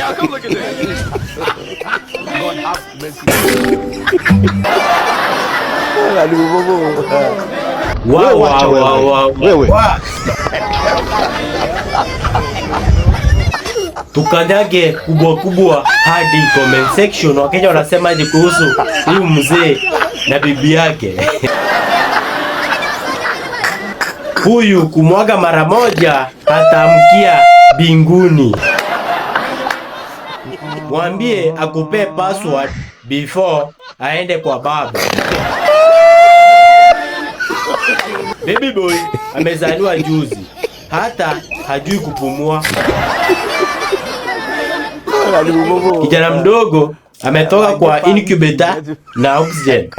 y'all come look at that. wow, wow, wow, wow. Wewe. Tukanyage kubwa kubwa hadi comment section. Wakenya wanasema aje kuhusu huyu mzee na bibi yake? Huyu kumwaga mara moja hatamkia binguni. Mwambie akupee password before aende kwa baba. Baby boy amezaliwa juzi, hata hajui kupumua. Kijana mdogo ametoka kwa incubator na oxygen.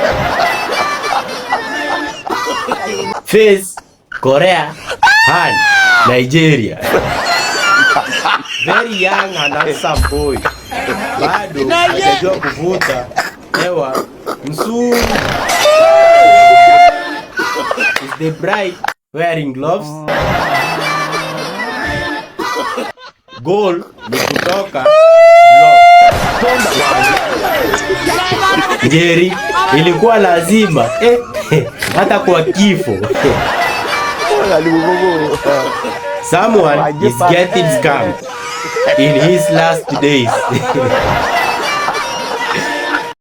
Face Korea, Han, Nigeria very young and handsome boy bado hajajua kuvuta hewa mzuri. Is the bride wearing gloves? Goal ni kutoka Njeri ilikuwa lazima eh, hata kwa kifo. Someone is getting scammed. in his last days.